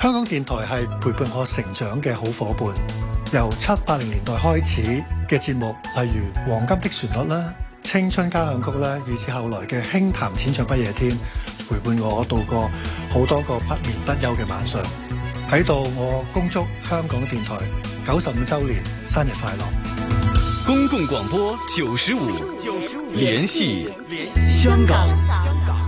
香港電台係陪伴我成長嘅好夥伴，由七八零年代開始嘅節目，例如《黃金的旋律》啦，《青春交響曲》啦，以至後來嘅《輕談淺唱不夜天》，陪伴我度過好多個不眠不休嘅晚上。喺度，我恭祝香港電台九十五周年生日快樂！公共廣播九十五，聯繫聯繫香港。香港香港